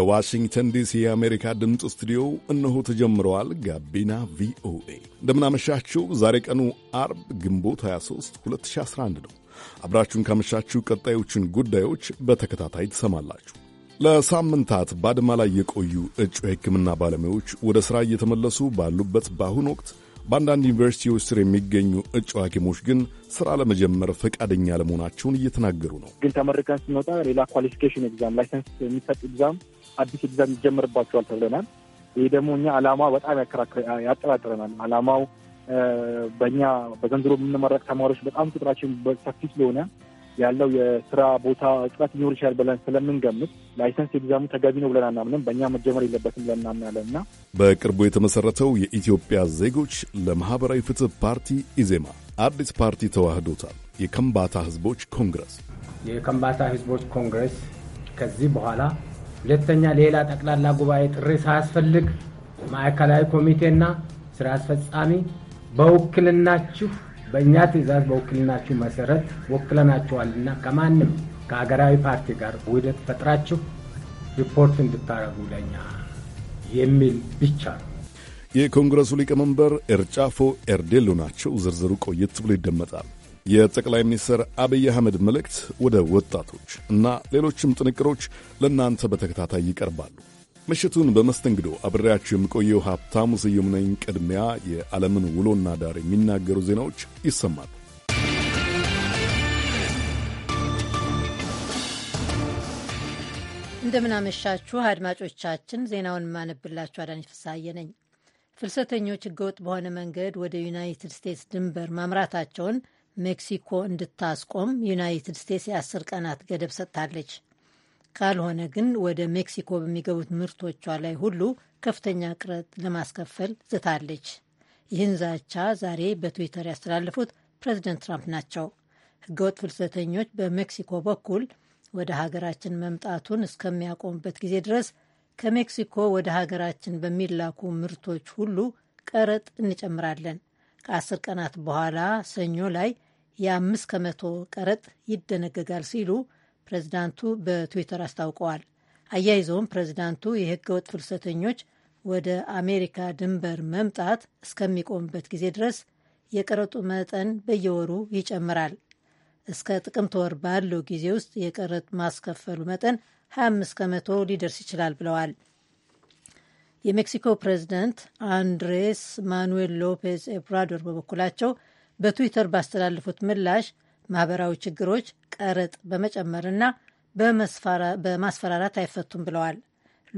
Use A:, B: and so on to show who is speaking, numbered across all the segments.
A: ከዋሽንግተን ዲሲ የአሜሪካ ድምፅ ስቱዲዮ እነሆ ተጀምረዋል። ጋቢና ቪኦኤ እንደምናመሻችሁ። ዛሬ ቀኑ አርብ ግንቦት 23 2011 ነው። አብራችሁን ካመሻችሁ ቀጣዮቹን ጉዳዮች በተከታታይ ትሰማላችሁ። ለሳምንታት ባድማ ላይ የቆዩ እጩ የሕክምና ባለሙያዎች ወደ ሥራ እየተመለሱ ባሉበት በአሁኑ ወቅት በአንዳንድ ዩኒቨርሲቲዎች ስር የሚገኙ እጩ ሐኪሞች ግን ስራ ለመጀመር ፈቃደኛ ለመሆናቸውን እየተናገሩ ነው።
B: ግን ተመርቀን ስንወጣ ሌላ ኳሊፊኬሽን ኤግዛም ላይሰንስ የሚሰጥ ኤግዛም አዲስ ኤግዛም ይጀመርባቸዋል ተብለናል። ይህ ደግሞ እኛ አላማ በጣም ያጠራጥረናል። አላማው በእኛ በዘንድሮ የምንመረቅ ተማሪዎች በጣም ቁጥራችን ሰፊ ስለሆነ ያለው የስራ ቦታ እጥረት ሊኖር ይችላል ብለን ስለምንገምት ላይሰንስ ኤግዛሙ ተገቢ ነው ብለን አናምንም። በእኛ መጀመር የለበትም ብለን እናምናለን እና
A: በቅርቡ የተመሰረተው የኢትዮጵያ ዜጎች ለማህበራዊ ፍትህ ፓርቲ ኢዜማ አዲስ ፓርቲ ተዋህዶታል። የከምባታ ህዝቦች ኮንግረስ
C: የከምባታ ህዝቦች ኮንግረስ ከዚህ በኋላ ሁለተኛ ሌላ ጠቅላላ ጉባኤ ጥሪ ሳያስፈልግ ማዕከላዊ ኮሚቴና ስራ አስፈጻሚ በውክልናችሁ በእኛ ትእዛዝ በውክልናችሁ መሰረት ወክለናችኋልና ከማንም ከሀገራዊ ፓርቲ ጋር ውህደት ፈጥራችሁ ሪፖርት እንድታረጉ ለኛ የሚል ብቻ ነው።
A: የኮንግረሱ ሊቀመንበር ኤርጫፎ ኤርዴሎ ናቸው። ዝርዝሩ ቆየት ብሎ ይደመጣል። የጠቅላይ ሚኒስትር አብይ አህመድ መልእክት ወደ ወጣቶች እና ሌሎችም ጥንቅሮች ለእናንተ በተከታታይ ይቀርባሉ። ምሽቱን በመስተንግዶ አብሬያችሁ የምቆየው ሀብታሙ ስዩም ነኝ። ቅድሚያ የዓለምን ውሎና ዳር የሚናገሩ ዜናዎች ይሰማሉ።
D: እንደምናመሻችሁ አድማጮቻችን፣ ዜናውን የማነብላችሁ አዳነች ፍሳሐየ ነኝ። ፍልሰተኞች ህገወጥ በሆነ መንገድ ወደ ዩናይትድ ስቴትስ ድንበር ማምራታቸውን ሜክሲኮ እንድታስቆም ዩናይትድ ስቴትስ የአስር ቀናት ገደብ ሰጥታለች። ካልሆነ ግን ወደ ሜክሲኮ በሚገቡት ምርቶቿ ላይ ሁሉ ከፍተኛ ቅረጥ ለማስከፈል ዝታለች። ይህን ዛቻ ዛሬ በትዊተር ያስተላለፉት ፕሬዚደንት ትራምፕ ናቸው። ህገወጥ ፍልሰተኞች በሜክሲኮ በኩል ወደ ሀገራችን መምጣቱን እስከሚያቆሙበት ጊዜ ድረስ ከሜክሲኮ ወደ ሀገራችን በሚላኩ ምርቶች ሁሉ ቀረጥ እንጨምራለን። ከአስር ቀናት በኋላ ሰኞ ላይ የአምስት ከመቶ ቀረጥ ይደነገጋል ሲሉ ፕሬዚዳንቱ በትዊተር አስታውቀዋል። አያይዘውም ፕሬዚዳንቱ ወጥ ፍልሰተኞች ወደ አሜሪካ ድንበር መምጣት እስከሚቆምበት ጊዜ ድረስ የቀረጡ መጠን በየወሩ ይጨምራል። እስከ ጥቅምት ወር ባለው ጊዜ ውስጥ የቀረጥ ማስከፈሉ መጠን 25 ከመቶ ሊደርስ ይችላል ብለዋል። የሜክሲኮ ፕሬዚደንት አንድሬስ ማኑዌል ሎፔዝ ኤብራዶር በበኩላቸው በትዊተር ባስተላለፉት ምላሽ ማህበራዊ ችግሮች ቀረጥ በመጨመርና በማስፈራራት አይፈቱም ብለዋል።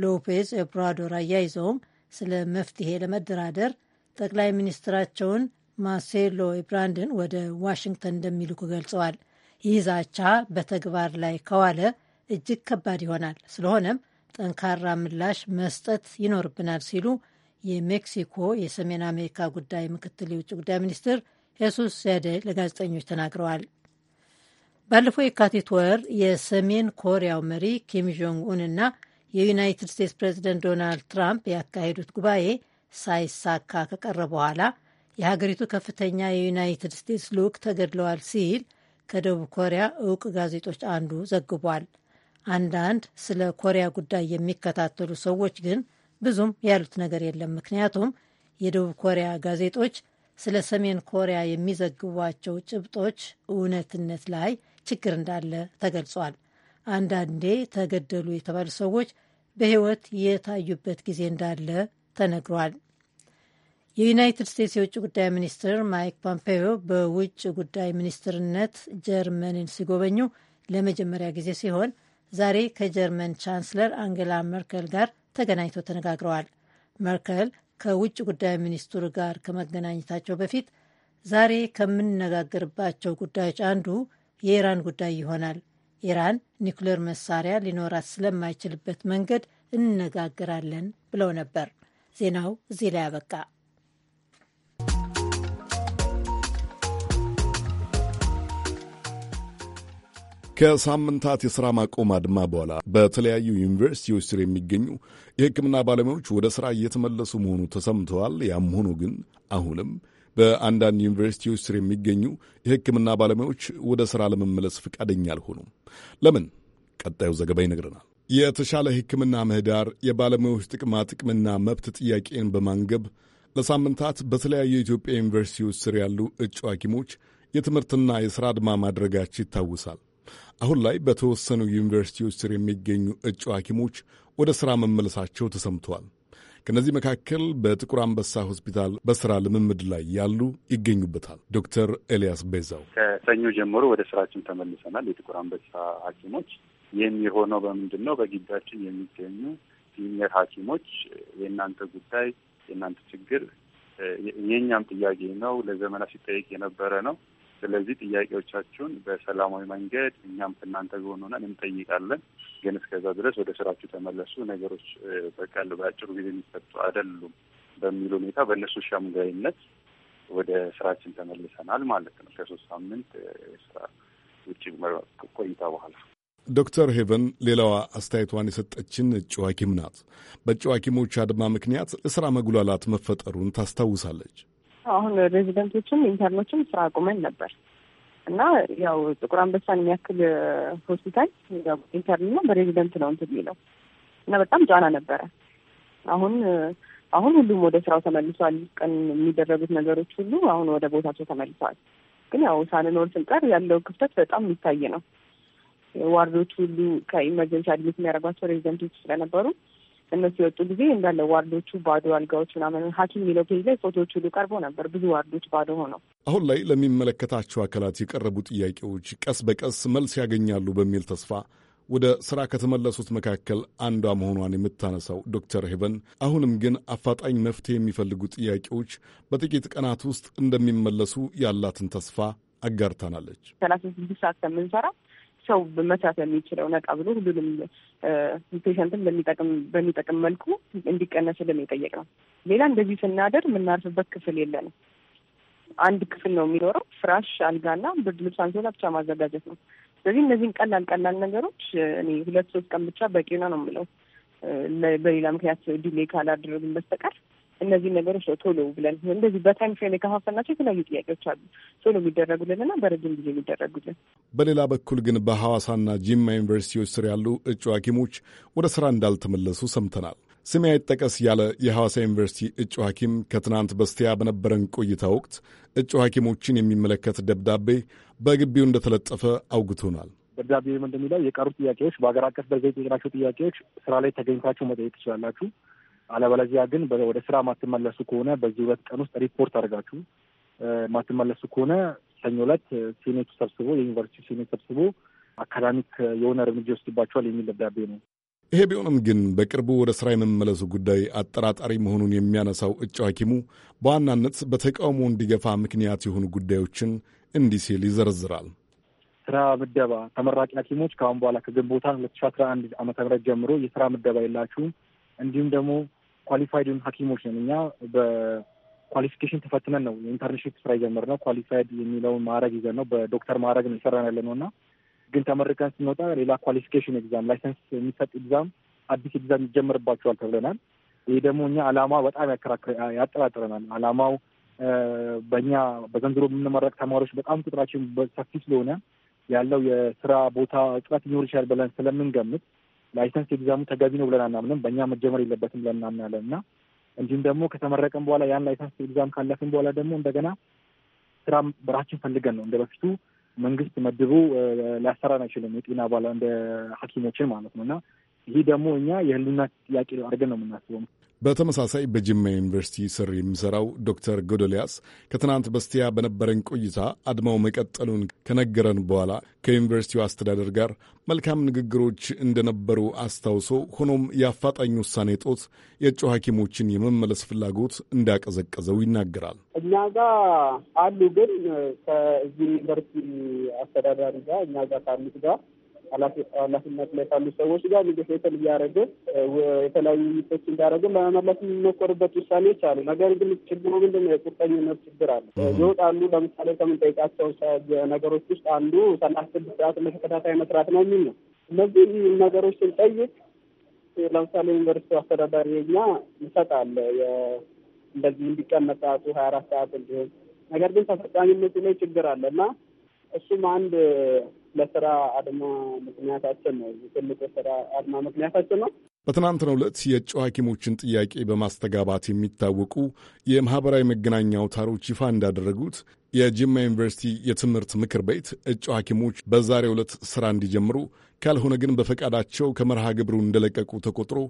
D: ሎፔዝ ኤብራዶር አያይዘውም ስለ መፍትሄ ለመደራደር ጠቅላይ ሚኒስትራቸውን ማርሴሎ ኤብራንድን ወደ ዋሽንግተን እንደሚልኩ ገልጸዋል። ይህ ዛቻ በተግባር ላይ ከዋለ እጅግ ከባድ ይሆናል፣ ስለሆነም ጠንካራ ምላሽ መስጠት ይኖርብናል ሲሉ የሜክሲኮ የሰሜን አሜሪካ ጉዳይ ምክትል የውጭ ጉዳይ ሚኒስትር አሶሲያትድ ለጋዜጠኞች ተናግረዋል። ባለፈው የካቲት ወር የሰሜን ኮሪያው መሪ ኪም ጆንግ ኡን እና የዩናይትድ ስቴትስ ፕሬዚደንት ዶናልድ ትራምፕ ያካሄዱት ጉባኤ ሳይሳካ ከቀረ በኋላ የሀገሪቱ ከፍተኛ የዩናይትድ ስቴትስ ልዑክ ተገድለዋል ሲል ከደቡብ ኮሪያ እውቅ ጋዜጦች አንዱ ዘግቧል። አንዳንድ ስለ ኮሪያ ጉዳይ የሚከታተሉ ሰዎች ግን ብዙም ያሉት ነገር የለም። ምክንያቱም የደቡብ ኮሪያ ጋዜጦች ስለ ሰሜን ኮሪያ የሚዘግቧቸው ጭብጦች እውነትነት ላይ ችግር እንዳለ ተገልጿል። አንዳንዴ ተገደሉ የተባሉ ሰዎች በሕይወት የታዩበት ጊዜ እንዳለ ተነግሯል። የዩናይትድ ስቴትስ የውጭ ጉዳይ ሚኒስትር ማይክ ፖምፔዮ በውጭ ጉዳይ ሚኒስትርነት ጀርመንን ሲጎበኙ ለመጀመሪያ ጊዜ ሲሆን ዛሬ ከጀርመን ቻንስለር አንገላ መርከል ጋር ተገናኝተው ተነጋግረዋል። መርከል ከውጭ ጉዳይ ሚኒስትሩ ጋር ከመገናኘታቸው በፊት ዛሬ ከምንነጋገርባቸው ጉዳዮች አንዱ የኢራን ጉዳይ ይሆናል። ኢራን ኒኩሌር መሳሪያ ሊኖራት ስለማይችልበት መንገድ እንነጋገራለን ብለው ነበር። ዜናው እዚህ ላይ አበቃ።
A: ከሳምንታት የሥራ ማቆም አድማ በኋላ በተለያዩ ዩኒቨርሲቲዎች ስር የሚገኙ የሕክምና ባለሙያዎች ወደ ሥራ እየተመለሱ መሆኑ ተሰምተዋል። ያም ሆኖ ግን አሁንም በአንዳንድ ዩኒቨርሲቲዎች ስር የሚገኙ የሕክምና ባለሙያዎች ወደ ሥራ ለመመለስ ፈቃደኛ አልሆኑም። ለምን? ቀጣዩ ዘገባ ይነግረናል። የተሻለ ሕክምና ምህዳር፣ የባለሙያዎች ጥቅማ ጥቅምና መብት ጥያቄን በማንገብ ለሳምንታት በተለያዩ የኢትዮጵያ ዩኒቨርሲቲዎች ስር ያሉ እጩ ሐኪሞች የትምህርትና የሥራ አድማ ማድረጋቸው ይታወሳል። አሁን ላይ በተወሰኑ ዩኒቨርሲቲዎች ስር የሚገኙ እጩ ሐኪሞች ወደ ሥራ መመለሳቸው ተሰምተዋል። ከእነዚህ መካከል በጥቁር አንበሳ ሆስፒታል በስራ ልምምድ ላይ ያሉ ይገኙበታል። ዶክተር ኤልያስ ቤዛው
E: ከሰኞ
B: ጀምሮ ወደ ስራችን ተመልሰናል። የጥቁር አንበሳ ሐኪሞች ይህም የሆነው በምንድን ነው? በግቢያችን የሚገኙ ሲኒየር ሐኪሞች የእናንተ ጉዳይ የእናንተ ችግር የእኛም ጥያቄ ነው፣ ለዘመናት ሲጠየቅ የነበረ ነው። ስለዚህ ጥያቄዎቻችሁን በሰላማዊ መንገድ እኛም ከእናንተ ጎን ሆነን እንጠይቃለን። ግን እስከዛ ድረስ ወደ ስራችሁ ተመለሱ፣ ነገሮች በቀል በአጭሩ ጊዜ የሚፈቱ አይደሉም በሚል ሁኔታ በእነሱ ሸምጋይነት ወደ ስራችን ተመልሰናል ማለት ነው። ከሶስት ሳምንት
E: ስራ ውጭ ቆይታ በኋላ
A: ዶክተር ሄቨን ሌላዋ አስተያየቷን የሰጠችን እጩ ሐኪም ናት። በእጩ ሐኪሞች አድማ ምክንያት ለስራ መጉላላት መፈጠሩን ታስታውሳለች።
E: አሁን ሬዚደንቶችም ኢንተርኖችም ስራ አቁመን ነበር እና ያው ጥቁር አንበሳን የሚያክል ሆስፒታል ኢንተርንና በሬዚደንት ነው እንትን የሚለው እና በጣም ጫና ነበረ። አሁን አሁን ሁሉም ወደ ስራው ተመልሷል። ቀን የሚደረጉት ነገሮች ሁሉ አሁን ወደ ቦታቸው ተመልሰዋል። ግን ያው ሳንኖር ስንቀር ያለው ክፍተት በጣም የሚታይ ነው። ዋርዶች ሁሉ ከኢመርጀንሲ አድሚት የሚያደርጓቸው ሬዚደንቶች ስለነበሩ እነሱ የወጡ ጊዜ እንዳለ ዋርዶቹ ባዶ አልጋዎች ምናምን ሐኪም የሚለው ፔጅ ላይ ፎቶዎች ሁሉ ቀርቦ ነበር። ብዙ ዋርዶች ባዶ ሆነው
A: አሁን ላይ ለሚመለከታቸው አካላት የቀረቡ ጥያቄዎች ቀስ በቀስ መልስ ያገኛሉ በሚል ተስፋ ወደ ስራ ከተመለሱት መካከል አንዷ መሆኗን የምታነሳው ዶክተር ሄቨን አሁንም ግን አፋጣኝ መፍትሄ የሚፈልጉ ጥያቄዎች በጥቂት ቀናት ውስጥ እንደሚመለሱ ያላትን ተስፋ አጋርታናለች።
E: ሰላሳ ስድስት ሰዓት ከምንሰራ ሰው መስራት የሚችለው ነቃ ብሎ ሁሉንም ፔሸንትን በሚጠቅም መልኩ እንዲቀነስልን ነው። ሌላ እንደዚህ ስናደር የምናርፍበት ክፍል የለንም። አንድ ክፍል ነው የሚኖረው። ፍራሽ፣ አልጋና ብርድ ልብስ፣ አንሶላ ብቻ ማዘጋጀት ነው። ስለዚህ እነዚህን ቀላል ቀላል ነገሮች እኔ ሁለት ሶስት ቀን ብቻ በቂ ነው ነው የምለው በሌላ ምክንያት ዲሌ ካላደረግን በስተቀር እነዚህ ነገሮች ነው ቶሎ ብለን እንደዚህ በታይም ፍሬም የከፋፈልናቸው የተለያዩ ጥያቄዎች አሉ። ቶሎ የሚደረጉልን እና በረጅም ጊዜ የሚደረጉልን።
A: በሌላ በኩል ግን በሐዋሳና ጂማ ዩኒቨርሲቲዎች ስር ያሉ እጩ ሐኪሞች ወደ ስራ እንዳልተመለሱ ሰምተናል። ስሜ አይጠቀስ ያለ የሐዋሳ ዩኒቨርሲቲ እጩ ሐኪም ከትናንት በስቲያ በነበረን ቆይታ ወቅት እጩ ሐኪሞችን የሚመለከት ደብዳቤ በግቢው እንደተለጠፈ አውግቶናል።
B: ደብዳቤ እንደሚለው የቀሩ ጥያቄዎች በሀገር አቀፍ ደረጃ የጠየቅናቸው ጥያቄዎች ስራ ላይ ተገኝታችሁ መጠየቅ ትችላላችሁ አለበለዚያ ግን ወደ ስራ ማትመለሱ ከሆነ በዚህ ሁለት ቀን ውስጥ ሪፖርት አድርጋችሁ ማትመለሱ ከሆነ ሰኞ ዕለት ሴኔቱ ሰብስቦ የዩኒቨርሲቲ ሴኔት ሰብስቦ አካዳሚክ የሆነ እርምጃ ይወስድባቸዋል የሚል ደብዳቤ ነው።
A: ይሄ ቢሆንም ግን በቅርቡ ወደ ስራ የመመለሱ ጉዳይ አጠራጣሪ መሆኑን የሚያነሳው እጩ ሐኪሙ በዋናነት በተቃውሞ እንዲገፋ ምክንያት የሆኑ ጉዳዮችን እንዲህ ሲል ይዘረዝራል።
B: ስራ ምደባ፣ ተመራቂ ሐኪሞች ከአሁን በኋላ ከግንቦት ሁለት ሺ አስራ አንድ ዓመተ ምህረት ጀምሮ የስራ ምደባ የላችሁም እንዲሁም ደግሞ ኳሊፋይድ ሐኪሞች ነን እኛ በኳሊፊኬሽን ተፈትነን ነው የኢንተርንሽፕ ስራ የጀመርነው። ኳሊፋይድ የሚለውን ማዕረግ ይዘን ነው በዶክተር ማዕረግ ነው የሰራን ያለ ነው እና ግን ተመርቀን ስንወጣ ሌላ ኳሊፊኬሽን ኤግዛም ላይሰንስ የሚሰጥ ኤግዛም አዲስ ኤግዛም ይጀምርባቸዋል ተብለናል። ይህ ደግሞ እኛ አላማ በጣም ያጠራጥረናል። አላማው በእኛ በዘንድሮ የምንመረቅ ተማሪዎች በጣም ቁጥራችን ሰፊ ስለሆነ ያለው የስራ ቦታ እጥረት ሊኖር ይችላል ብለን ስለምንገምት ላይሰንስ ኤግዛሙ ተገቢ ነው ብለን አናምንም። በእኛ መጀመር የለበትም ብለን እናምናለን እና እንዲሁም ደግሞ ከተመረቀን በኋላ ያን ላይሰንስ ኤግዛም ካለፍን በኋላ ደግሞ እንደገና ስራ በራችን ፈልገን ነው እንደ በፊቱ መንግስት መድቦ ሊያሰራን አይችልም። የጤና ባለ እንደ ሐኪሞችን ማለት ነው እና ይህ ደግሞ እኛ የህልናት ጥያቄ አድርገን ነው የምናስበው።
A: በተመሳሳይ በጅማ ዩኒቨርሲቲ ስር የሚሰራው ዶክተር ጎዶልያስ ከትናንት በስቲያ በነበረን ቆይታ አድማው መቀጠሉን ከነገረን በኋላ ከዩኒቨርሲቲው አስተዳደር ጋር መልካም ንግግሮች እንደነበሩ አስታውሶ ሆኖም የአፋጣኝ ውሳኔ ጦት የእጩ ሐኪሞችን የመመለስ ፍላጎት እንዳቀዘቀዘው ይናገራል።
B: እኛ ጋር አሉ ግን ከዚህ ዩኒቨርሲቲ አስተዳዳሪ ጋር እኛ ጋር ካሉት ጋር ኃላፊነት ላይ ካሉ ሰዎች ጋር ኔጎሽትን እያደረገ የተለያዩ ውይይቶች እንዳደረገ ለመመለስ የሚሞከሩበት ውሳኔዎች አሉ። ነገር ግን ችግሩ ምንድን ነው? የቁርጠኝነት ችግር አለ። ይወጣሉ። ለምሳሌ ከምንጠይቃቸው ነገሮች ውስጥ አንዱ ሰላሳ ስድስት ሰዓት ለተከታታይ መስራት ነው የሚል ነው። እነዚህ ነገሮች ስንጠይቅ ለምሳሌ ዩኒቨርሲቲ አስተዳዳሪ ኛ ይሰጣል እንደዚህ እንዲቀመጥ ሰዓቱ ሀያ አራት ሰዓት እንዲሆን ነገር ግን ተፈጻሚነቱ ላይ ችግር አለ እና እሱም አንድ ለስራ አድማ ምክንያታችን ነው። ትልቁ ስራ አድማ ምክንያታችን ነው።
A: በትናንትናው ዕለት የእጩ ሐኪሞችን ጥያቄ በማስተጋባት የሚታወቁ የማኅበራዊ መገናኛ አውታሮች ይፋ እንዳደረጉት የጅማ ዩኒቨርሲቲ የትምህርት ምክር ቤት እጩ ሐኪሞች በዛሬው ዕለት ሥራ እንዲጀምሩ ካልሆነ ግን በፈቃዳቸው ከመርሃ ግብሩ እንደለቀቁ ተቆጥሮ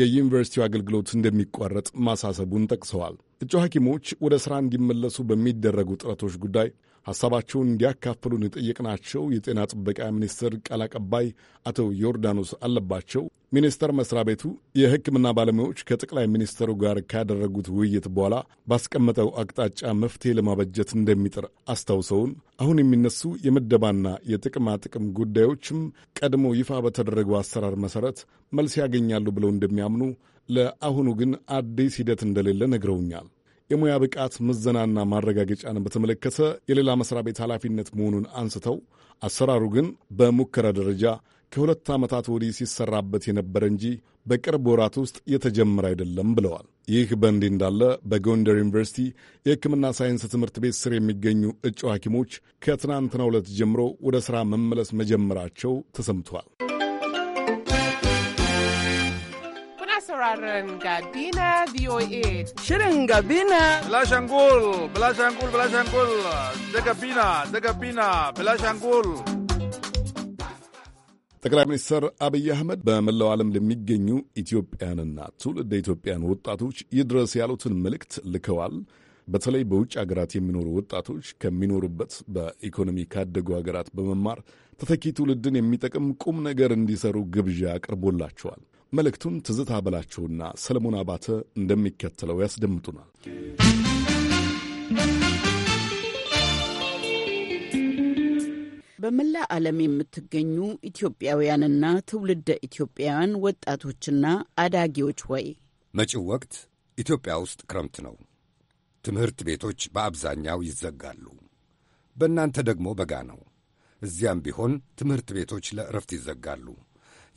A: የዩኒቨርሲቲው አገልግሎት እንደሚቋረጥ ማሳሰቡን ጠቅሰዋል። እጩ ሐኪሞች ወደ ሥራ እንዲመለሱ በሚደረጉ ጥረቶች ጉዳይ ሐሳባቸውን እንዲያካፍሉን የጠየቅናቸው የጤና ጥበቃ ሚኒስቴር ቃል አቀባይ አቶ ዮርዳኖስ አለባቸው ሚኒስቴር መስሪያ ቤቱ የሕክምና ባለሙያዎች ከጠቅላይ ሚኒስትሩ ጋር ካደረጉት ውይይት በኋላ ባስቀመጠው አቅጣጫ መፍትሄ ለማበጀት እንደሚጥር አስታውሰውን አሁን የሚነሱ የምደባና የጥቅማ ጥቅም ጉዳዮችም ቀድሞ ይፋ በተደረገው አሰራር መሰረት መልስ ያገኛሉ ብለው እንደሚያምኑ ለአሁኑ ግን አዲስ ሂደት እንደሌለ ነግረውኛል። የሙያ ብቃት ምዘናና ማረጋገጫን በተመለከተ የሌላ መስሪያ ቤት ኃላፊነት መሆኑን አንስተው አሰራሩ ግን በሙከራ ደረጃ ከሁለት ዓመታት ወዲህ ሲሰራበት የነበረ እንጂ በቅርብ ወራት ውስጥ የተጀመረ አይደለም ብለዋል። ይህ በእንዲህ እንዳለ በጎንደር ዩኒቨርሲቲ የሕክምና ሳይንስ ትምህርት ቤት ስር የሚገኙ እጩ ሐኪሞች ከትናንትናው ዕለት ጀምሮ ወደ ሥራ መመለስ መጀመራቸው ተሰምቷል።
E: taron Gabina VOA.
F: Shirin Gabina.
A: Belashangul, Belashangul, Belashangul. da Gabina, da Gabina,
C: Bilashangul.
A: ጠቅላይ ሚኒስትር አብይ አህመድ በመላው ዓለም ለሚገኙ ኢትዮጵያንና ትውልደ ኢትዮጵያን ወጣቶች ይድረስ ያሉትን መልእክት ልከዋል። በተለይ በውጭ አገራት የሚኖሩ ወጣቶች ከሚኖሩበት በኢኮኖሚ ካደጉ አገራት በመማር ተተኪ ትውልድን የሚጠቅም ቁም ነገር እንዲሰሩ ግብዣ አቅርቦላቸዋል። መልእክቱን ትዝታ በላቸውና ሰለሞን አባተ እንደሚከተለው ያስደምጡናል።
G: በመላ ዓለም የምትገኙ ኢትዮጵያውያንና ትውልደ ኢትዮጵያውያን ወጣቶችና አዳጊዎች ወይ
F: መጪው ወቅት ኢትዮጵያ ውስጥ ክረምት ነው። ትምህርት ቤቶች በአብዛኛው ይዘጋሉ። በእናንተ ደግሞ በጋ ነው። እዚያም ቢሆን ትምህርት ቤቶች ለእረፍት ይዘጋሉ።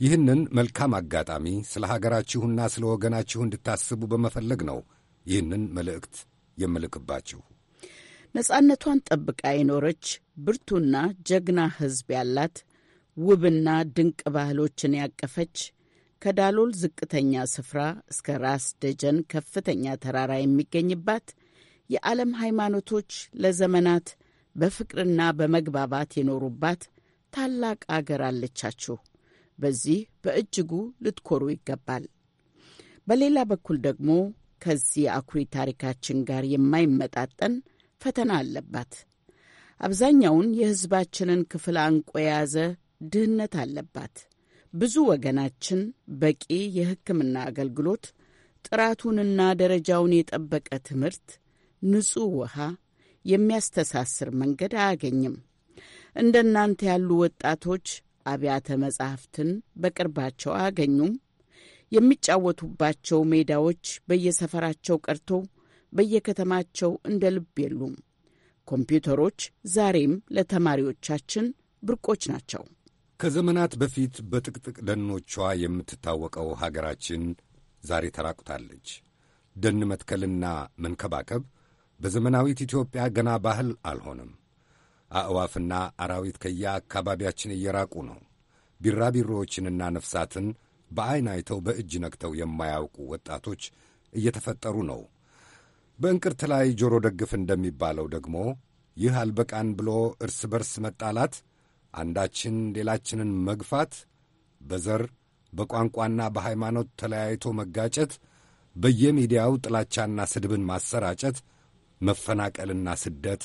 F: ይህንን መልካም አጋጣሚ ስለ ሀገራችሁና ስለ ወገናችሁ እንድታስቡ በመፈለግ ነው ይህንን መልእክት የምልክባችሁ።
G: ነጻነቷን ጠብቃ የኖረች ብርቱና ጀግና ሕዝብ ያላት ውብና ድንቅ ባህሎችን ያቀፈች ከዳሎል ዝቅተኛ ስፍራ እስከ ራስ ደጀን ከፍተኛ ተራራ የሚገኝባት የዓለም ሃይማኖቶች ለዘመናት በፍቅርና በመግባባት የኖሩባት ታላቅ አገር አለቻችሁ። በዚህ በእጅጉ ልትኮሩ ይገባል። በሌላ በኩል ደግሞ ከዚህ አኩሪ ታሪካችን ጋር የማይመጣጠን ፈተና አለባት። አብዛኛውን የሕዝባችንን ክፍል አንቆ የያዘ ድህነት አለባት። ብዙ ወገናችን በቂ የሕክምና አገልግሎት፣ ጥራቱንና ደረጃውን የጠበቀ ትምህርት፣ ንጹሕ ውሃ፣ የሚያስተሳስር መንገድ አያገኝም። እንደ እናንተ ያሉ ወጣቶች አብያተ መጻሕፍትን በቅርባቸው አያገኙም። የሚጫወቱባቸው ሜዳዎች በየሰፈራቸው ቀርቶ በየከተማቸው እንደ ልብ የሉም። ኮምፒውተሮች ዛሬም ለተማሪዎቻችን ብርቆች ናቸው።
F: ከዘመናት በፊት በጥቅጥቅ ደኖቿ የምትታወቀው ሀገራችን ዛሬ ተራቁታለች። ደን መትከልና መንከባከብ በዘመናዊት ኢትዮጵያ ገና ባህል አልሆነም። አእዋፍና አራዊት ከየአካባቢያችን እየራቁ ነው። ቢራቢሮዎችንና ነፍሳትን በዐይን አይተው በእጅ ነክተው የማያውቁ ወጣቶች እየተፈጠሩ ነው። በእንቅርት ላይ ጆሮ ደግፍ እንደሚባለው ደግሞ ይህ አልበቃን ብሎ እርስ በርስ መጣላት፣ አንዳችን ሌላችንን መግፋት፣ በዘር በቋንቋና በሃይማኖት ተለያይቶ መጋጨት፣ በየሚዲያው ጥላቻና ስድብን ማሰራጨት፣ መፈናቀልና ስደት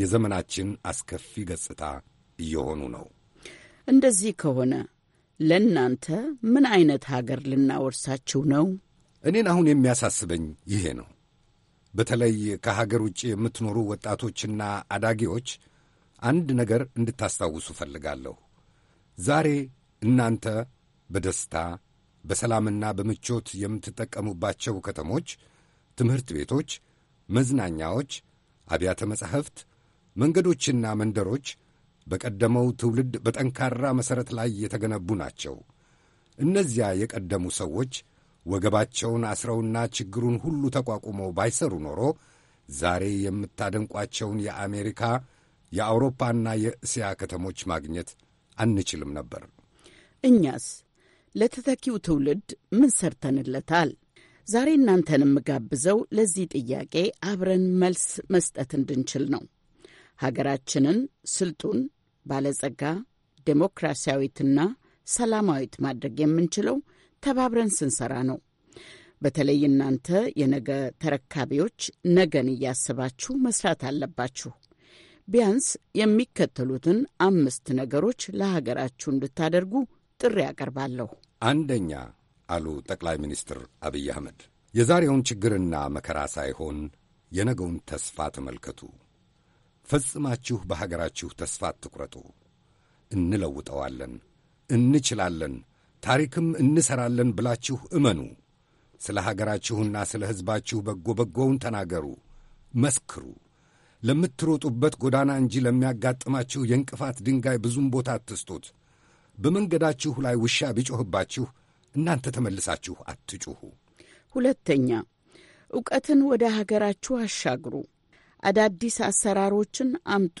F: የዘመናችን አስከፊ ገጽታ እየሆኑ ነው።
G: እንደዚህ ከሆነ ለእናንተ ምን አይነት ሀገር ልናወርሳችሁ ነው?
F: እኔን አሁን የሚያሳስበኝ ይሄ ነው። በተለይ ከሀገር ውጭ የምትኖሩ ወጣቶችና አዳጊዎች አንድ ነገር እንድታስታውሱ ፈልጋለሁ። ዛሬ እናንተ በደስታ በሰላምና በምቾት የምትጠቀሙባቸው ከተሞች፣ ትምህርት ቤቶች፣ መዝናኛዎች፣ አብያተ መጻሕፍት መንገዶችና መንደሮች በቀደመው ትውልድ በጠንካራ መሠረት ላይ የተገነቡ ናቸው። እነዚያ የቀደሙ ሰዎች ወገባቸውን አስረውና ችግሩን ሁሉ ተቋቁመው ባይሰሩ ኖሮ ዛሬ የምታደንቋቸውን የአሜሪካ የአውሮፓና የእስያ ከተሞች ማግኘት አንችልም ነበር።
G: እኛስ ለተተኪው ትውልድ ምን ሰርተንለታል? ዛሬ እናንተን የምጋብዘው ለዚህ ጥያቄ አብረን መልስ መስጠት እንድንችል ነው። ሀገራችንን ስልጡን፣ ባለጸጋ፣ ዴሞክራሲያዊትና ሰላማዊት ማድረግ የምንችለው ተባብረን ስንሰራ ነው። በተለይ እናንተ የነገ ተረካቢዎች ነገን እያስባችሁ መስራት አለባችሁ። ቢያንስ የሚከተሉትን አምስት ነገሮች ለሀገራችሁ እንድታደርጉ ጥሪ ያቀርባለሁ። አንደኛ፣
F: አሉ ጠቅላይ ሚኒስትር አብይ አህመድ፣ የዛሬውን ችግርና መከራ ሳይሆን የነገውን ተስፋ ተመልከቱ። ፈጽማችሁ በሀገራችሁ ተስፋ አትቁረጡ። እንለውጠዋለን፣ እንችላለን፣ ታሪክም እንሠራለን ብላችሁ እመኑ። ስለ ሀገራችሁና ስለ ሕዝባችሁ በጎ በጎውን ተናገሩ፣ መስክሩ። ለምትሮጡበት ጎዳና እንጂ ለሚያጋጥማችሁ የእንቅፋት ድንጋይ ብዙም ቦታ አትስጡት። በመንገዳችሁ ላይ ውሻ ቢጮኽባችሁ እናንተ
G: ተመልሳችሁ አትጩኹ። ሁለተኛ፣ እውቀትን ወደ ሀገራችሁ አሻግሩ። አዳዲስ አሰራሮችን አምጡ።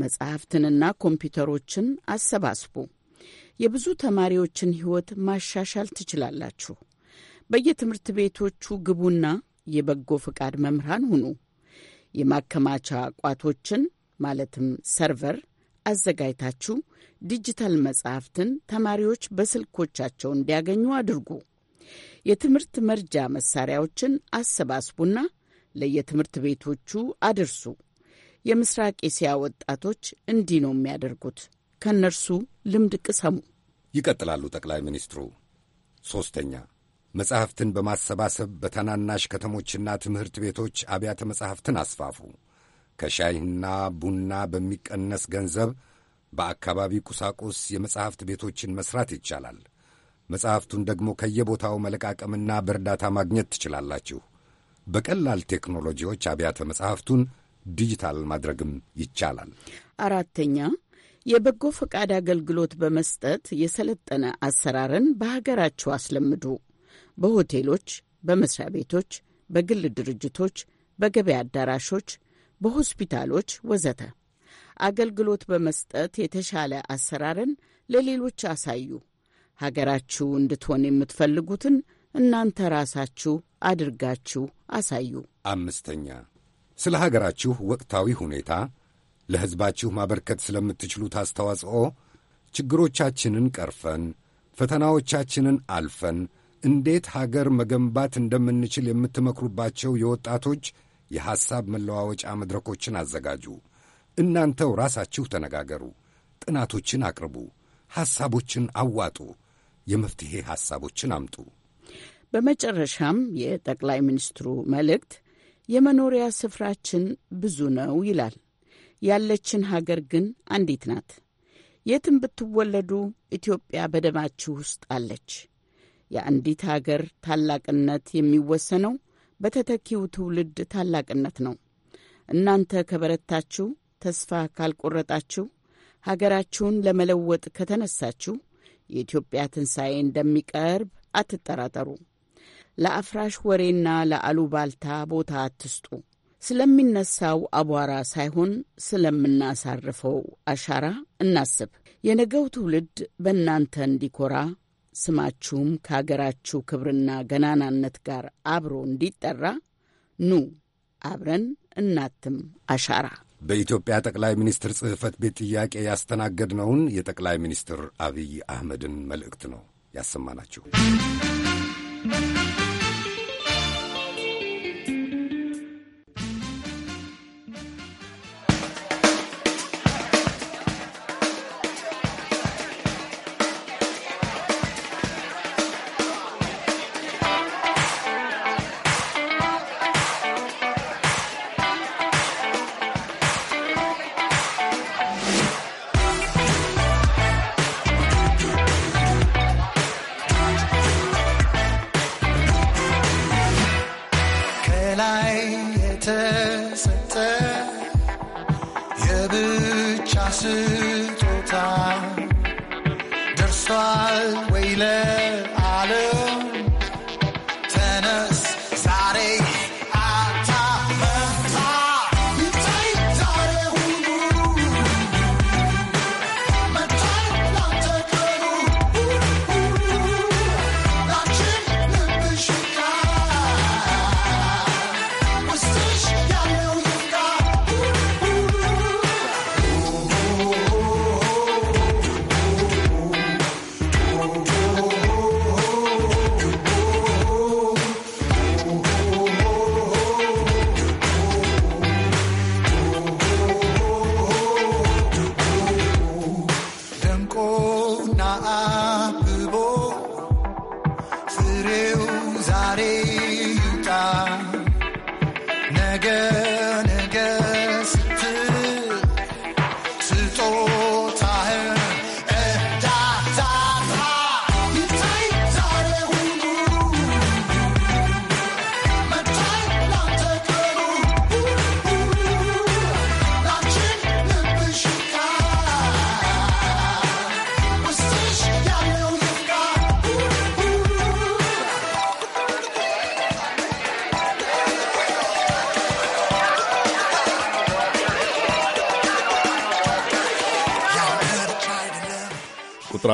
G: መጻሕፍትንና ኮምፒውተሮችን አሰባስቡ። የብዙ ተማሪዎችን ሕይወት ማሻሻል ትችላላችሁ። በየትምህርት ቤቶቹ ግቡና የበጎ ፍቃድ መምህራን ሁኑ። የማከማቻ ቋቶችን ማለትም ሰርቨር አዘጋጅታችሁ ዲጂታል መጻሕፍትን ተማሪዎች በስልኮቻቸው እንዲያገኙ አድርጉ። የትምህርት መርጃ መሳሪያዎችን አሰባስቡና ለየትምህርት ቤቶቹ አድርሱ። የምስራቅ እስያ ወጣቶች እንዲህ ነው የሚያደርጉት። ከእነርሱ ልምድ ቅሰሙ።
F: ይቀጥላሉ ጠቅላይ ሚኒስትሩ። ሦስተኛ መጻሕፍትን በማሰባሰብ በታናናሽ ከተሞችና ትምህርት ቤቶች አብያተ መጻሕፍትን አስፋፉ። ከሻይና ቡና በሚቀነስ ገንዘብ በአካባቢ ቁሳቁስ የመጻሕፍት ቤቶችን መሥራት ይቻላል። መጻሕፍቱን ደግሞ ከየቦታው መለቃቀምና በእርዳታ ማግኘት ትችላላችሁ። በቀላል ቴክኖሎጂዎች አብያተ መጽሐፍቱን ዲጂታል ማድረግም ይቻላል።
G: አራተኛ የበጎ ፈቃድ አገልግሎት በመስጠት የሰለጠነ አሰራርን በሀገራችሁ አስለምዱ። በሆቴሎች፣ በመስሪያ ቤቶች፣ በግል ድርጅቶች፣ በገበያ አዳራሾች፣ በሆስፒታሎች ወዘተ አገልግሎት በመስጠት የተሻለ አሰራርን ለሌሎች አሳዩ። ሀገራችሁ እንድትሆን የምትፈልጉትን እናንተ ራሳችሁ አድርጋችሁ አሳዩ።
F: አምስተኛ ስለ ሀገራችሁ ወቅታዊ ሁኔታ፣ ለሕዝባችሁ ማበርከት ስለምትችሉት አስተዋጽኦ፣ ችግሮቻችንን ቀርፈን ፈተናዎቻችንን አልፈን እንዴት ሀገር መገንባት እንደምንችል የምትመክሩባቸው የወጣቶች የሐሳብ መለዋወጫ መድረኮችን አዘጋጁ። እናንተው ራሳችሁ ተነጋገሩ፣ ጥናቶችን አቅርቡ፣ ሐሳቦችን አዋጡ፣ የመፍትሔ ሐሳቦችን
G: አምጡ። በመጨረሻም የጠቅላይ ሚኒስትሩ መልእክት የመኖሪያ ስፍራችን ብዙ ነው ይላል። ያለችን ሀገር ግን አንዲት ናት። የትም ብትወለዱ ኢትዮጵያ በደማችሁ ውስጥ አለች። የአንዲት ሀገር ታላቅነት የሚወሰነው በተተኪው ትውልድ ታላቅነት ነው። እናንተ ከበረታችሁ፣ ተስፋ ካልቆረጣችሁ፣ ሀገራችሁን ለመለወጥ ከተነሳችሁ የኢትዮጵያ ትንሣኤ እንደሚቀርብ አትጠራጠሩ። ለአፍራሽ ወሬና ለአሉባልታ ቦታ አትስጡ። ስለሚነሳው አቧራ ሳይሆን ስለምናሳርፈው አሻራ እናስብ። የነገው ትውልድ በእናንተ እንዲኮራ ስማችሁም ከአገራችሁ ክብርና ገናናነት ጋር አብሮ እንዲጠራ ኑ አብረን እናትም
F: አሻራ። በኢትዮጵያ ጠቅላይ ሚኒስትር ጽሕፈት ቤት ጥያቄ ያስተናገድነውን የጠቅላይ ሚኒስትር አብይ አህመድን መልእክት ነው ያሰማናችሁ።
H: ስጦታ ደርሷል ወይ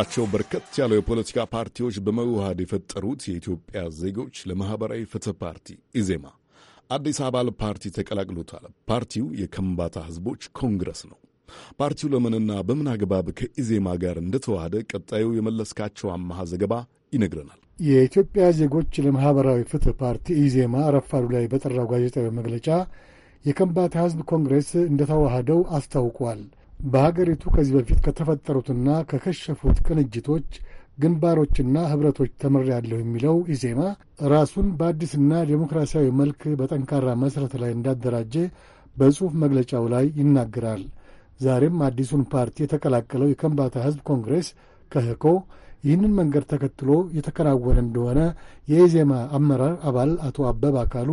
A: ቁጥራቸው በርከት ያለው የፖለቲካ ፓርቲዎች በመዋሃድ የፈጠሩት የኢትዮጵያ ዜጎች ለማኅበራዊ ፍትህ ፓርቲ ኢዜማ አዲስ አባል ፓርቲ ተቀላቅሎታል። ፓርቲው የከምባታ ህዝቦች ኮንግረስ ነው። ፓርቲው ለምንና በምን አግባብ ከኢዜማ ጋር እንደተዋሃደ ቀጣዩ የመለስካቸው አማሃ ዘገባ ይነግረናል።
H: የኢትዮጵያ ዜጎች ለማኅበራዊ ፍትህ ፓርቲ ኢዜማ ረፋዱ ላይ በጠራው ጋዜጣዊ መግለጫ የከምባታ ህዝብ ኮንግሬስ እንደተዋሃደው አስታውቋል። በሀገሪቱ ከዚህ በፊት ከተፈጠሩትና ከከሸፉት ቅንጅቶች ግንባሮችና ኅብረቶች ተምሬያለሁ የሚለው ኢዜማ ራሱን በአዲስና ዴሞክራሲያዊ መልክ በጠንካራ መሠረት ላይ እንዳደራጀ በጽሑፍ መግለጫው ላይ ይናገራል። ዛሬም አዲሱን ፓርቲ የተቀላቀለው የከንባታ ሕዝብ ኮንግሬስ ከህኮ ይህንን መንገድ ተከትሎ የተከናወነ እንደሆነ የኢዜማ አመራር አባል አቶ አበብ አካሉ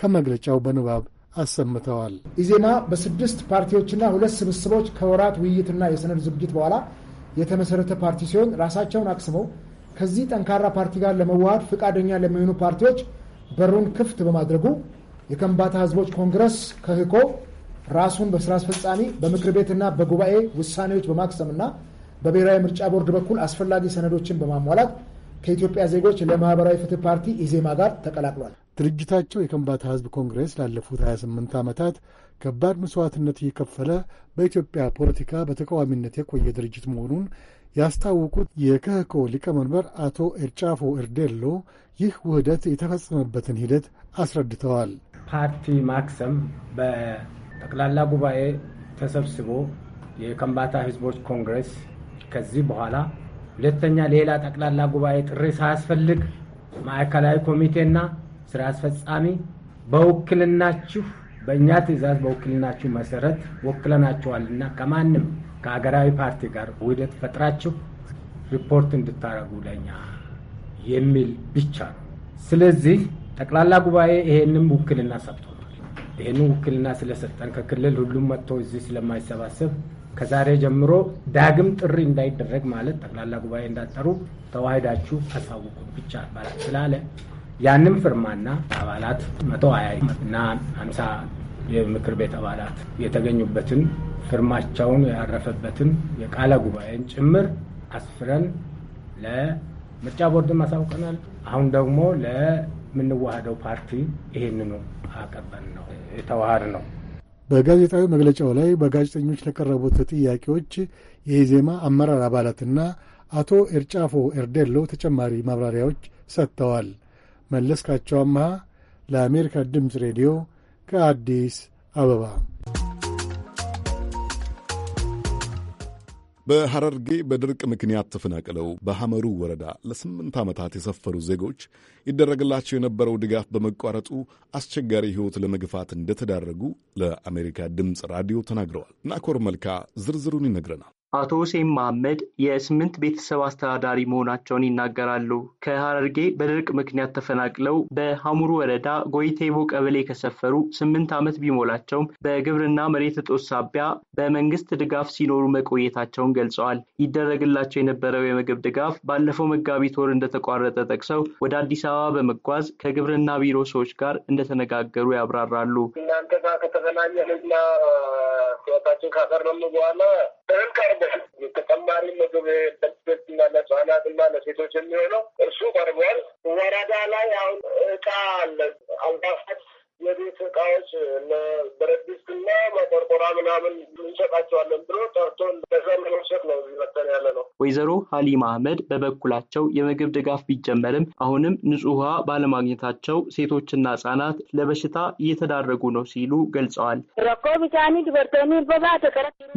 H: ከመግለጫው በንባብ አሰምተዋል። ኢዜማ በስድስት ፓርቲዎችና ሁለት ስብስቦች ከወራት ውይይትና የሰነድ ዝግጅት በኋላ የተመሰረተ ፓርቲ ሲሆን ራሳቸውን አክስመው ከዚህ ጠንካራ ፓርቲ ጋር ለመዋሃድ ፈቃደኛ ለሚሆኑ ፓርቲዎች በሩን ክፍት በማድረጉ የከንባታ ህዝቦች ኮንግረስ ከህኮ ራሱን በስራ አስፈጻሚ በምክር ቤትና በጉባኤ ውሳኔዎች በማክሰምና በብሔራዊ ምርጫ ቦርድ በኩል አስፈላጊ ሰነዶችን በማሟላት ከኢትዮጵያ ዜጎች ለማህበራዊ ፍትህ ፓርቲ ኢዜማ ጋር ተቀላቅሏል። ድርጅታቸው የከንባታ ህዝብ ኮንግሬስ ላለፉት 28 ዓመታት ከባድ መሥዋዕትነት እየከፈለ በኢትዮጵያ ፖለቲካ በተቃዋሚነት የቆየ ድርጅት መሆኑን ያስታወቁት የክህኮ ሊቀመንበር አቶ ኤርጫፎ
C: ኤርዴሎ ይህ ውህደት የተፈጸመበትን ሂደት አስረድተዋል። ፓርቲ ማክሰም በጠቅላላ ጉባኤ ተሰብስቦ የከንባታ ህዝቦች ኮንግሬስ ከዚህ በኋላ ሁለተኛ ሌላ ጠቅላላ ጉባኤ ጥሪ ሳያስፈልግ ማዕከላዊ ኮሚቴና ስራ አስፈጻሚ በውክልናችሁ በእኛ ትእዛዝ በውክልናችሁ መሰረት ወክለናችኋልና ከማንም ከሀገራዊ ፓርቲ ጋር ውህደት ፈጥራችሁ ሪፖርት እንድታረጉ ለኛ የሚል ብቻ ነው። ስለዚህ ጠቅላላ ጉባኤ ይሄንም ውክልና ሰጥቶናል። ይሄንን ውክልና ስለሰጠን ከክልል ሁሉም መጥቶ እዚህ ስለማይሰባሰብ ከዛሬ ጀምሮ ዳግም ጥሪ እንዳይደረግ ማለት ጠቅላላ ጉባኤ እንዳጠሩ ተዋሂዳችሁ አሳውቁ ብቻ ስላለ ያንም ፍርማና አባላት መቶ እና ሀምሳ የምክር ቤት አባላት የተገኙበትን ፍርማቸውን ያረፈበትን የቃለ ጉባኤን ጭምር አስፍረን ለምርጫ ቦርድ አሳውቀናል። አሁን ደግሞ ለምንዋሃደው ፓርቲ ይህንኑ አቀበል ነው የተዋሃድ ነው።
H: በጋዜጣዊ መግለጫው ላይ በጋዜጠኞች ለቀረቡት ጥያቄዎች የኢዜማ አመራር አባላትና አቶ ኤርጫፎ ኤርዴሎ ተጨማሪ ማብራሪያዎች ሰጥተዋል። መለስካቸው አምሃ ለአሜሪካ ድምፅ ሬዲዮ ከአዲስ አበባ።
A: በሐረርጌ በድርቅ ምክንያት ተፈናቅለው በሐመሩ ወረዳ ለስምንት ዓመታት የሰፈሩ ዜጎች ይደረግላቸው የነበረው ድጋፍ በመቋረጡ አስቸጋሪ ሕይወት ለመግፋት እንደተዳረጉ ለአሜሪካ ድምፅ ራዲዮ ተናግረዋል። ናኮር መልካ ዝርዝሩን ይነግረናል።
I: አቶ ሁሴን መሀመድ የስምንት ቤተሰብ አስተዳዳሪ መሆናቸውን ይናገራሉ። ከሀረርጌ በድርቅ ምክንያት ተፈናቅለው በሐሙሩ ወረዳ ጎይቴቦ ቀበሌ ከሰፈሩ ስምንት ዓመት ቢሞላቸውም በግብርና መሬት እጦት ሳቢያ በመንግስት ድጋፍ ሲኖሩ መቆየታቸውን ገልጸዋል። ይደረግላቸው የነበረው የምግብ ድጋፍ ባለፈው መጋቢት ወር እንደተቋረጠ ጠቅሰው ወደ አዲስ አበባ በመጓዝ ከግብርና ቢሮ ሰዎች ጋር እንደተነጋገሩ ያብራራሉ።
B: እናንተ ጋር ከተገናኘንና ህይወታችን ካቀረምን በኋላ እህል ቀርቧል። ተጨማሪ ምግብ ለልጆችና ለህጻናትና ለሴቶች የሚሆነው እርሱ ቀርቧል። ወረዳ ላይ አሁን እቃ አለ አልጋፋት የቤት እቃዎች በረዲስት እና መቆርቆራ ምናምን እንሰጣቸዋለን ብሎ ጠርቶ እንደዛ ለመውሰድ ነው እዚህ መተን
I: ያለ ነው። ወይዘሮ ሀሊማ አህመድ በበኩላቸው የምግብ ድጋፍ ቢጀመርም አሁንም ንጹህ ውሃ ባለማግኘታቸው ሴቶችና ህጻናት ለበሽታ እየተዳረጉ ነው ሲሉ ገልጸዋል።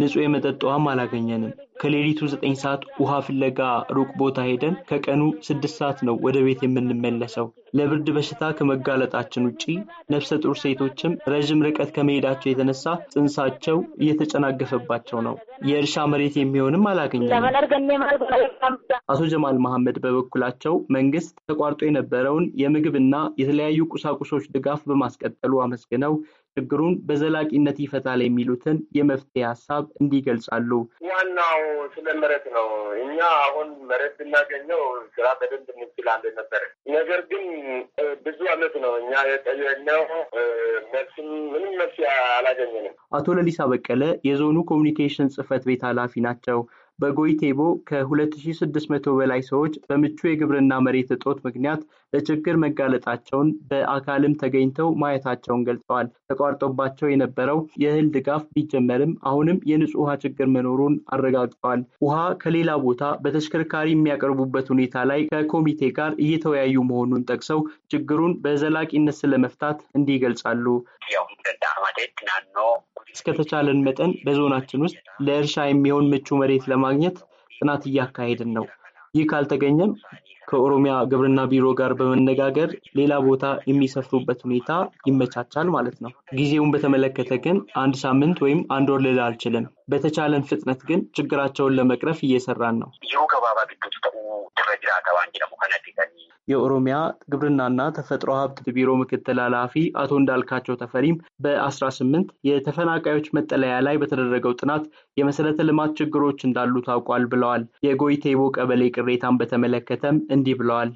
I: ንጹህ የመጠጥ ውሃም አላገኘንም። ከሌሊቱ ዘጠኝ ሰዓት ውሃ ፍለጋ ሩቅ ቦታ ሄደን ከቀኑ ስድስት ሰዓት ነው ወደ ቤት የምንመለሰው። ለብርድ በሽታ ከመጋለጣችን ውጪ ነፍስ ጡር ሴቶችም ረዥም ርቀት ከመሄዳቸው የተነሳ ጽንሳቸው እየተጨናገፈባቸው ነው። የእርሻ መሬት የሚሆንም አላገኘም። አቶ ጀማል መሐመድ በበኩላቸው መንግስት ተቋርጦ የነበረውን የምግብና የተለያዩ ቁሳቁሶች ድጋፍ በማስቀጠሉ አመስግነው ችግሩን በዘላቂነት ይፈታል የሚሉትን የመፍትሄ ሀሳብ እንዲገልጻሉ።
E: ዋናው
B: ስለ መሬት ነው። እኛ አሁን መሬት ብናገኘው ስራ በደንብ እንችላለን ነበር ነገር ግን ብዙ አመት ነው እኛ የጠየቅነው መልስም ምንም መልስ አላገኘንም።
I: አቶ ለሊሳ በቀለ የዞኑ ኮሚኒኬሽን ጽህፈት ቤት ኃላፊ ናቸው። በጎይቴቦ ከ2600 በላይ ሰዎች በምቹ የግብርና መሬት እጦት ምክንያት ለችግር መጋለጣቸውን በአካልም ተገኝተው ማየታቸውን ገልጸዋል። ተቋርጦባቸው የነበረው የእህል ድጋፍ ቢጀመርም አሁንም የንጹህ ውሃ ችግር መኖሩን አረጋግጠዋል። ውሃ ከሌላ ቦታ በተሽከርካሪ የሚያቀርቡበት ሁኔታ ላይ ከኮሚቴ ጋር እየተወያዩ መሆኑን ጠቅሰው ችግሩን በዘላቂነት ስለመፍታት እንዲህ ይገልጻሉ። እስከተቻለን መጠን በዞናችን ውስጥ ለእርሻ የሚሆን ምቹ መሬት ለማግኘት ጥናት እያካሄድን ነው። ይህ ካልተገኘም ከኦሮሚያ ግብርና ቢሮ ጋር በመነጋገር ሌላ ቦታ የሚሰፍሩበት ሁኔታ ይመቻቻል ማለት ነው። ጊዜውን በተመለከተ ግን አንድ ሳምንት ወይም አንድ ወር ልል አልችልም። በተቻለን ፍጥነት ግን ችግራቸውን ለመቅረፍ እየሰራን ነው። የኦሮሚያ ግብርናና ተፈጥሮ ሀብት ቢሮ ምክትል ኃላፊ አቶ እንዳልካቸው ተፈሪም በአስራ ስምንት የተፈናቃዮች መጠለያ ላይ በተደረገው ጥናት የመሰረተ ልማት ችግሮች እንዳሉ ታውቋል ብለዋል። የጎይቴቦ ቀበሌ ቅሬታን በተመለከተም እንዲህ ብለዋል።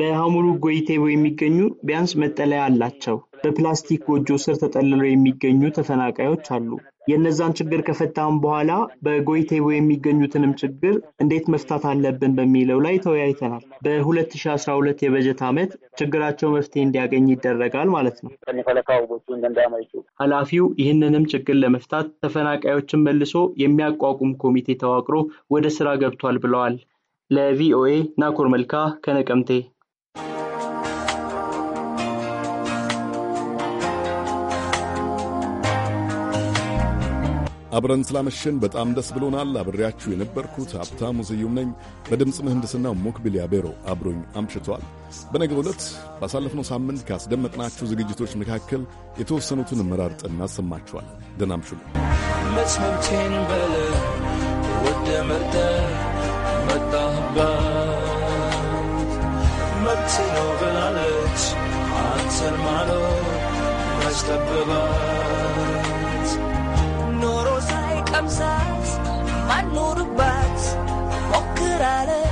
I: በሀሙሩ ጎይቴቦ የሚገኙ ቢያንስ መጠለያ አላቸው። በፕላስቲክ ጎጆ ስር ተጠልለው የሚገኙ ተፈናቃዮች አሉ። የእነዛን ችግር ከፈታም በኋላ በጎይቴቦ የሚገኙትንም ችግር እንዴት መፍታት አለብን በሚለው ላይ ተወያይተናል። በ2012 የበጀት ዓመት ችግራቸው መፍትሄ እንዲያገኝ ይደረጋል ማለት ነው። ኃላፊው ይህንንም ችግር ለመፍታት ተፈናቃዮችን መልሶ የሚያቋቁም ኮሚቴ ተዋቅሮ ወደ ስራ ገብቷል ብለዋል። ለቪኦኤ ናኮር መልካ ከነቀምቴ አብረን ስላመሸን
A: በጣም ደስ ብሎናል። አብሬያችሁ የነበርኩት ሀብታሙ ስዩም ነኝ። በድምፅ ምህንድስና ሞክቢል ያቤሮ አብሮኝ አምሽቷል። በነገ ዕለት ባሳለፍነው ሳምንት ካስደመጥናችሁ ዝግጅቶች መካከል የተወሰኑትን መራርጠን እናሰማችኋል። ደህና
I: መርጠ መጣህበት መብት ነው ብላለች አንተን ማለት መስተበባት
F: ኖሮ ሳይቀምሳት
D: ማኖርባት ሞክራለች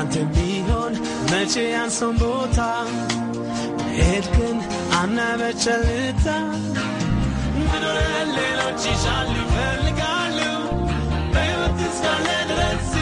C: ያንተ ቢሆን መቼ ያንሰን ቦታ ሄድክን አናበቸልታ መኖረን ሌሎች ይሻሉ ይፈልጋሉ በሕይወት እስካለ ድረስ